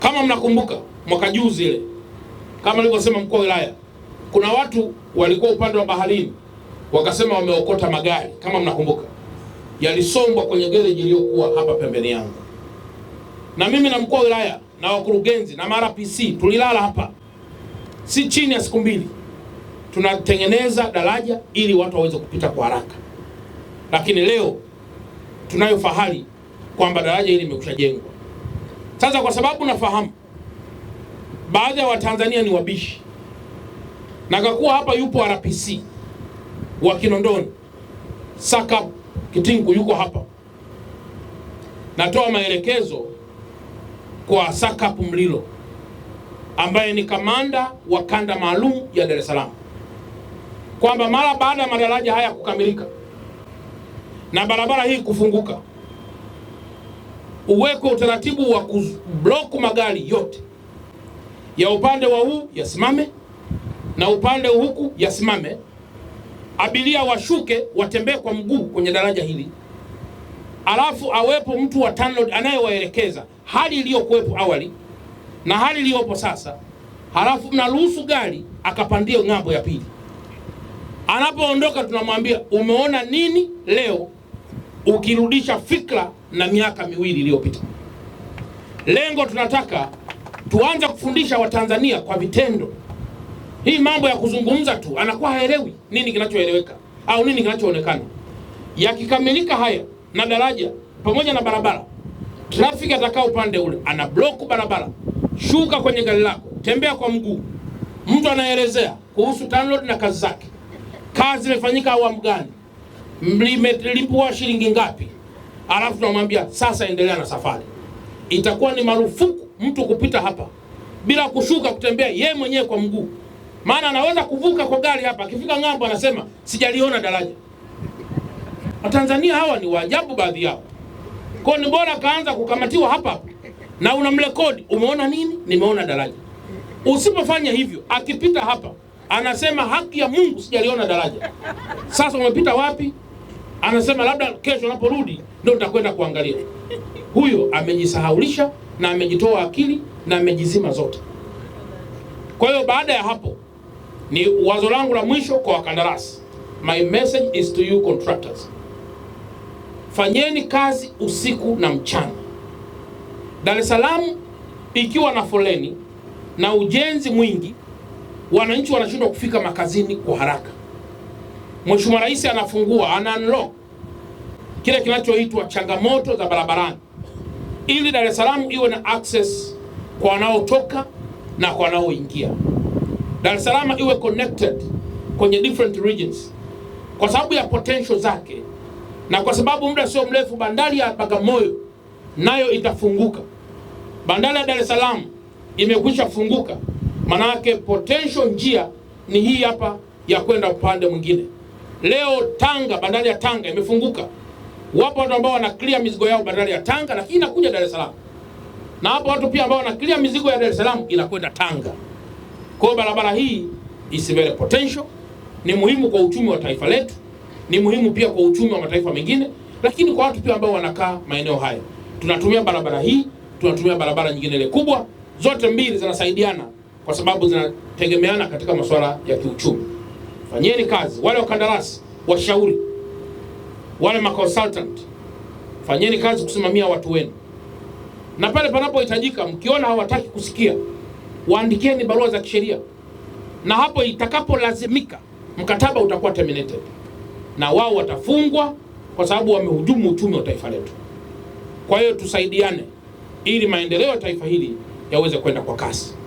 Kama mnakumbuka mwaka juzi ile, kama nilivyosema, mkuu wa wilaya, kuna watu walikuwa upande wa baharini wakasema wameokota magari, kama mnakumbuka, yalisombwa kwenye gereji iliyokuwa hapa pembeni yangu, na mimi na mkuu wa wilaya na wakurugenzi na mara PC tulilala hapa si chini ya siku mbili, tunatengeneza daraja ili watu waweze kupita kwa haraka, lakini leo tunayo fahari kwamba daraja hili limekushajengwa. jengwa. Sasa kwa sababu nafahamu baadhi ya Watanzania ni wabishi, na kakuwa hapa yupo RPC wa Kinondoni Saka kitingu yuko hapa, natoa maelekezo kwa Saka Mlilo ambaye ni kamanda wa kanda maalum ya Dar es Salaam kwamba mara baada ya madaraja haya kukamilika na barabara hii kufunguka uwekwe utaratibu wa kublock magari yote ya upande wa huu yasimame, na upande huku yasimame, abiria washuke, watembee kwa mguu kwenye daraja hili, alafu awepo mtu wa TANROADS anayewaelekeza hali iliyokuwepo awali na hali iliyopo sasa, halafu mnaruhusu gari akapandia ng'ambo ya pili. Anapoondoka tunamwambia umeona nini leo, ukirudisha fikra na miaka miwili iliyopita. Lengo tunataka tuanze kufundisha Watanzania kwa vitendo. Hii mambo ya kuzungumza tu anakuwa haelewi nini kinachoeleweka au nini kinachoonekana. Yakikamilika haya na daraja pamoja na barabara, trafiki atakaa upande ule ana block barabara, shuka kwenye gari lako, tembea kwa mguu, mtu anaelezea kuhusu TANROADS na kazi zake, kazi imefanyika awamu gani, mlipua shilingi ngapi alafu tunamwambia sasa endelea na safari. Itakuwa ni marufuku mtu kupita hapa bila kushuka kutembea yeye mwenyewe kwa mguu, maana anaweza kuvuka kwa gari hapa, akifika ng'ambo anasema sijaliona daraja. Watanzania hawa ni waajabu, baadhi yao. Kwa ni bora kaanza kukamatiwa hapa na unamrekodi, umeona nini? Nimeona daraja. Usipofanya hivyo, akipita hapa anasema haki ya Mungu, sijaliona daraja. Sasa umepita wapi? anasema labda kesho anaporudi ndio nitakwenda kuangalia. Huyo amejisahaulisha na amejitoa akili na amejizima zote. Kwa hiyo baada ya hapo, ni wazo langu la mwisho kwa wakandarasi, my message is to you contractors, fanyeni kazi usiku na mchana. Dar es Salaam ikiwa na foleni na ujenzi mwingi, wananchi wanashindwa kufika makazini kwa haraka. Mheshimiwa Rais anafungua ana unlock kile kinachoitwa changamoto za barabarani ili Dar es Salaam iwe na access kwa wanaotoka na kwa wanaoingia. Dar es Salaam iwe connected kwenye different regions kwa sababu ya potential zake, na kwa sababu muda sio mrefu bandari ya Bagamoyo nayo itafunguka. Bandari ya Dar es Salaam imekwisha funguka, manake potential njia ni hii hapa ya kwenda upande mwingine. Leo Tanga, bandari ya Tanga imefunguka. Wapo watu ambao wana clear mizigo yao bandari ya Tanga, lakini inakuja Dar es Salaam, na hapo watu pia ambao wana clear mizigo ya Dar es Salaam inakwenda Tanga. Kwa hiyo barabara hii isivele potential, ni muhimu kwa uchumi wa taifa letu, ni muhimu pia kwa uchumi wa mataifa mengine, lakini kwa watu pia ambao wanakaa maeneo haya. Tunatumia barabara hii, tunatumia barabara nyingine ile kubwa, zote mbili zinasaidiana kwa sababu zinategemeana katika masuala ya kiuchumi fanyeni kazi, wale wakandarasi, washauri wale maconsultant, fanyeni kazi kusimamia watu wenu, na pale panapohitajika, mkiona hawataki kusikia, waandikieni barua za kisheria, na hapo itakapolazimika, mkataba utakuwa terminated na wao watafungwa kwa sababu wamehujumu uchumi wa taifa letu. Kwa hiyo tusaidiane ili maendeleo ya taifa hili yaweze kwenda kwa kasi.